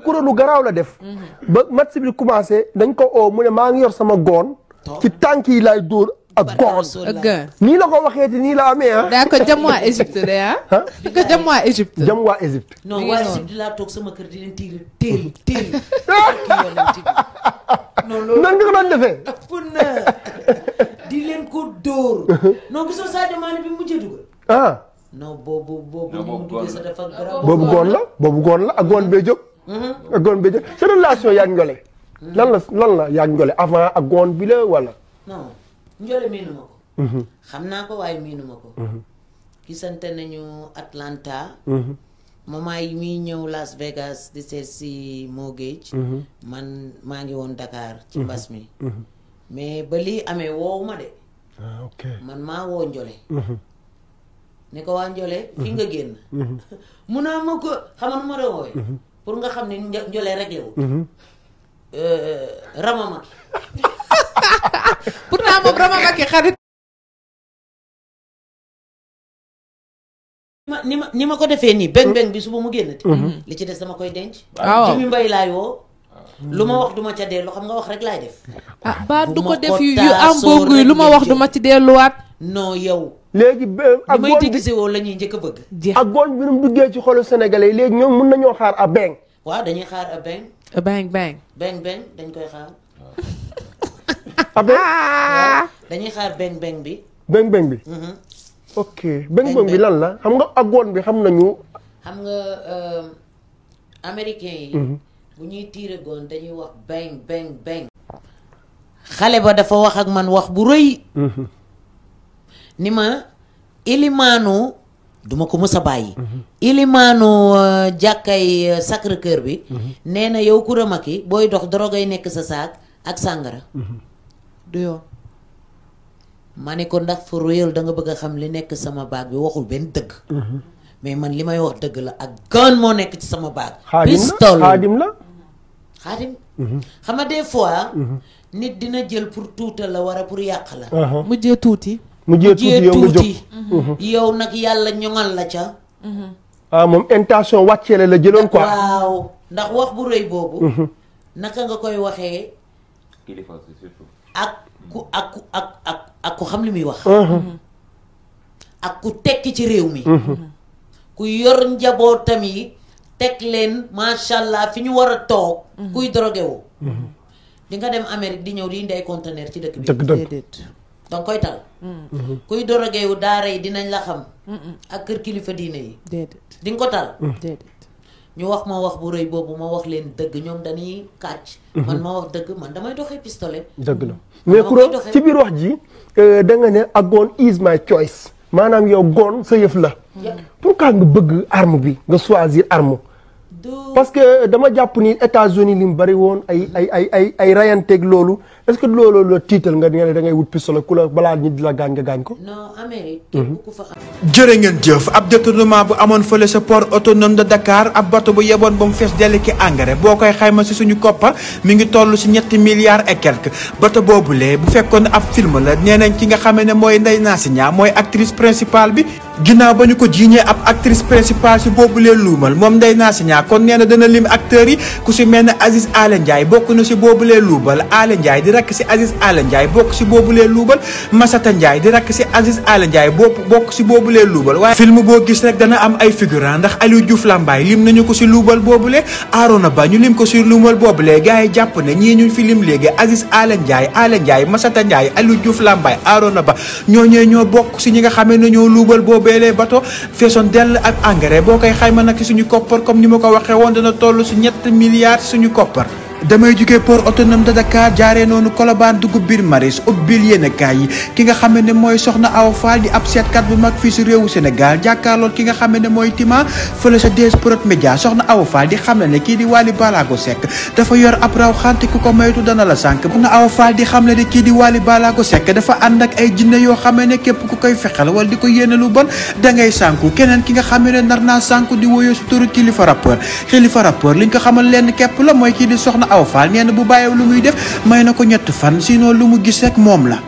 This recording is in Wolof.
kuréel lu garaaw la def. Mhm. ba bi commencé dañ ko oo maa ngi yor sama goon. ci tànk yi laay dóor ak goon. la ko waxee te nii la amee ah. daa ko jëm waa Égypte de ah. sama kër di leen tiir tiir tiir. defee. di leen ko dóor. Ah. boobu boobu. la boobu goon la ak gon bee jóg. góor bi sa relation yaa njole lan lan la yaa njole avant ak góor bi la wala. njole miinu ko. xam naa ko waaye miinu ma ko. gisante nañu Atlanta. moment yi muy ñëw Las Vegas di seet si Mo Gates. man maa ngi woon Dakar. ci mbas mi. mais ba lii amee woowu ma de. Ah, man maa woo Njole. ne ko waa Njole. fi nga génn. mun naa ma ko xamal ma doon woowee. pour nga xam ne Ndiolé réglé wu. Mhm. Euh, Ramama. pourtant moom Ramama ki xarit. ni ma ni ma ko defee nii beng mhm. beng bi suba mu génnati. Mhm. li ci des dama koy denc. waaw mi mbay laay woo. lu ma wax duma ca dellu xam nga wax rek laay def. ah ba du ko def yu yu am boobu lu ma wax duma ci delluwaat. non yow. léegi ak góor bi la ñuy njëkk a bëgg. ak góor bi nu mu duggee ci xolu sénégalais mun nañoo xaar a beng. waaw dañuy xaar a beng. a beng beng. dañ koy xaar. a ah. dañuy xaar beng bi. beng bi. Mhm. ok beng beng bi lan la xam nga ak góor bi xam nañu. xam nga euh, américain yi. Mhm. bu ñuy tiire goon dañuy wax beng beng beng. xale ba dafa wax ak man wax bu rëy. Mhm. ni ma ilimaanu duma ko mës a bàyyi mhm. ilimaanu euh, jàkkay euh, Sacré Cœur bi mhm. nee na yow Coura Macky booy dox dorogay nekk sa saak ak sàngara mhm. du yoon ma ne ko ndax for real da nga bëgg a xam li nekk sama baag bi waxul benn dëgg mais man li may wax dëgg la ak gan moo nekk ci sama baag pistol xaadim la xaadim xam nga des fois nit dina jël pour tuutal la wara pour yàq la uh-huh. mujjee tuuti mu jiyee tuuti mm-hmm. Mm-hmm. yow nag yàlla ñoŋal la ca. Mm-hmm. ah moom intention wàcceele la jëloon quoi. waaw ndax wax bu rëy boobu. naka nga koy waxee. kilifa ak ku ak ak ak ak ku xam li muy wax. ak ku tekki ci réew mi. ku yor njabootam yi teg leen macha allah fi ñu war a toog. kuy drogué woo. nga dem Amérique di ñëw di indi ay conteneur ci dëkk bi. danga koy tal kuy dorogeewu daara yi dinañ la xam ak kër kilifa diine yi di nga ko tal mm. ñu wax ma wax bu rëy boobu ma wax leen dëgg ñoom dañuy kàcc mm-hmm. man ma wax dëgg man damay doxee pistolet dëgg la mm-hmm. mais Coura ci biir wax ji euh, da nga ne ak gun is my choice maanaam yow gun sa yëf la pourquoi nga bëgg arme bi nga choisir arme parce que dama jàpp ni États-Unis li mu bari woon ay ay ay ay ay rayanteeg loolu est-ce que loolu la tiital nga ne da ngay wut pistolet ku la balaa ñi di la gaañ nga gaañ ko. non Amérique. Mhm. ngeen jëf ab détournement bu amoon fële sa port autonome de Dakar ab bato bu yeboon ba mu fees dell ki engrais boo koy xayma si suñu koppa mi ngi toll si ñetti milliards et quelque bato boobulee bu fekkoon ab film la nee nañ ki nga xam ne mooy Ndeye Nassinya mooy actrice principale bi. ginnaaw ba ñu ko jiiñee ab actrice principale si boobu leen luumal moom naa si Niang kon nee na dana lim acteurs yi ku si mel ne Aziz Aly bokk na si boobu leen luubal Aly Ndiaye di rakk si Aziz Aly Ndiaye bokk si boobu leen luubal Massata Ndiaye di rakk si Aziz Aly Ndiaye bopp bokk si boobu leen luubal waaye film boo gis rek dana am ay figurant ndax Aliou Diouf Lambaye lim ñu ko si luubal boobule Arona Ba ñu lim ko si boobu boobule gars yi jàpp ne ñii ñu fi lim léegi Aziz Aly Ndiaye Aly Ndiaye Massata Ndiaye Aliou Diouf Lambaye Arona Ba ñoo ñee ñoo si nga xamee ne boobee les feesoon dell ak engrais boo koy xayma nag ci suñu koppar comme ni ma ko waxee woon dana toll ci ñett milliards suñu koppar damay jugee port autonome de Dakar jaaree noonu Colobane dugub biir maris ubbil yéenekaay yi ki nga xam ne mooy soxna Awa Fall di ab seetkat bu mag fii si réewu Sénégal jàkkaarloo ki nga xam ne mooy Tima fële sa DS Média soxna Awa Fall di xam ne kii di Wally Ballago sekk dafa yor ab raw xante ku ko moytu dana la sànk soxna Awa Fall di xam ne ne kii di Wally Ballago Seck dafa ànd ak ay jinne yoo xam ne képp ku koy fexal wala di ko yéene lu bon da ngay sànku keneen ki nga xam ne nar naa sànku di woyoo si kilifa rappeur kilifa rappeur liñ ko xamal lenn képp la mooy kii di soxna aw faal nee na bu bàyyiw lu muy def may na ko ñett fan sinon lu mu gis rek moom la